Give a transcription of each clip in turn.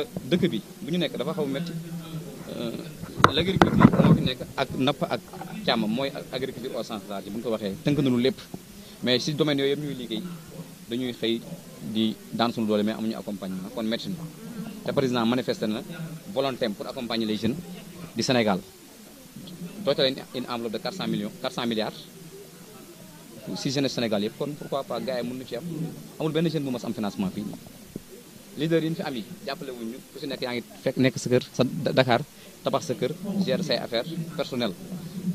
dëkk bi bu ñu nekk dafa xaw metti euh, l'agriculture moo fi nekk ak napp ak càmm mooy agriculture au sens large bu ñu ko waxee tënk nañu lépp mais si domaine yooyu yëpp ñuy liggéey dañuy xëy di daan suñu doole mais amuñu accompagnement kon metti na te président manifesté na volonté pour accompagner les jeunes du Sénégal dootale une enveloppe de 400 millions 400 milliards si jeunes Sénégal yëpp kon pourquoi yi mën na ci am amul benn jeune bu mas am financement fii leader yi ñu fi am yi jàppale wuñ ñu ku si nekk yaa ngi fekk nekk sa kër sa dakaar tabax sa kër gérer say affaire personnel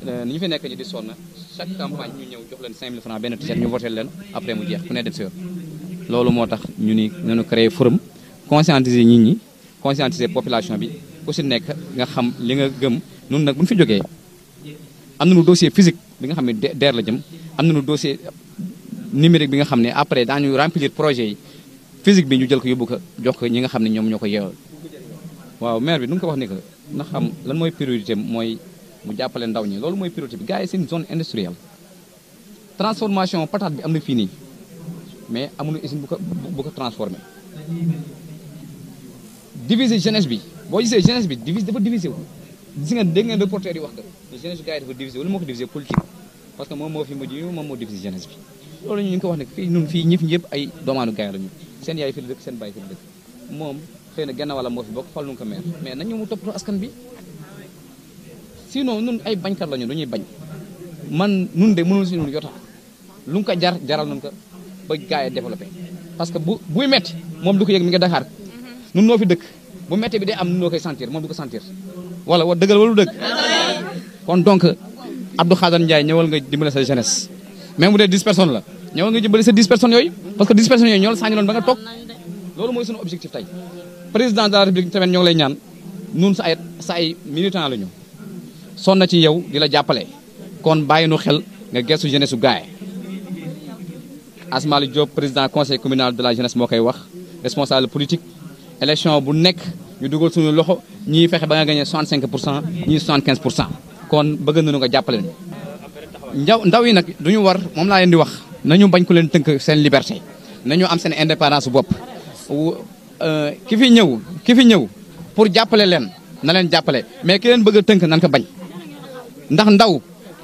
euh, ni ñu fi nekk ñi di sonn chaque campagne ñu ñëw jox leen 5000 francs benn t ñu voté leen après mu jeex ku ne dem si yoon loolu moo tax ñu ni nañu créer forum conscientiser nit ñi conscientiser population bi ku si nekk nga xam li nga gëm noonu nag bu ñu fi jógee am nañu dossier physique bi nga xam ne DER la jëm am nañu dossier numérique bi nga xam ne après daañu remplir projet yi physique bi ñu jël ko yóbbu ko jox ko ñi nga xam ne ñoom ñoo ko yeewal waaw maire bi nu nga ko wax ni que na xam lan mooy priorité mooy mu jàppale ndaw ñi loolu mooy priorité bi gars yi seen zone industrielle transformation patate bi am na fii nii mais amuñu usine bu ko bu ko transformé diviser bi boo gisee jeunesse moom moo fi mujj moom moo diviser jeunesse bi loolu ñu ngi ko wax ne fii ñun fii ñëpp ñëpp ay doomaanu gars la ñu sen yaay fi la dëkk seen baay fi la dëkk moom genn wala mo fi bok fal nu ko mer mais nañu mu top askan bi sinon nun ay kat lañu duñuy bañ man nun de mënul si nun yota lu ko jar jaral nañ ko ba gaay développer parce que bu buy metti mom du ko yegg mi nga Dakar nun no fi dëkk bu metti bi day am nun noo koy sentir mom du ko sentir wala wa deugal walu dëgg kon donc Abdou khadane ndjay ñewal nga dimbale sa jeunesse même bu dé 10 personnes la ñëwal nga jëmbale sa 10 personnes yooyu parce que 10 personnes yooyu ñoo la sañaloon ba nga toog loolu mooy suñu objectif tey président de la république tamit ñoo ngi lay ñaan nun sa ay sa la ñu sonn na ci yow di la jàppale kon bàyyi nu xel nga gestu jeunesse su gaay Asmali Diop président conseil communal de la jeunesse moo koy wax responsable politique élection bu nekk ñu dugal suñu loxo ñii fexe ba nga gagné 65 pour cent ñii 75 pour cent kon bëgg nañu nga jàppale ñu. ndaw yi nag du war moom laa leen di wax. nañu bañ ku leen tënk seen liberté nañu am seen indépendance bopp euh, ki fi ñëw ki fi ñëw pour jàppale leen na leen jàppale mais ki bëgg a tënk nan ko bañ ndax ndaw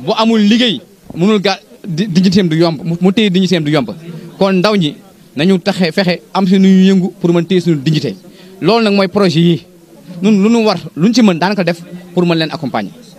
boo amul liggéey mënul ga dignitéem du yomb mu téye dignitéem du yomb kon ndaw ñi nañu taxe fexe am si nuñu yëngu pour mën téye suñu dignité loolu nag mooy projet yi nun lu ñu war luñ ci mën daan ko def pour mën leen accompagner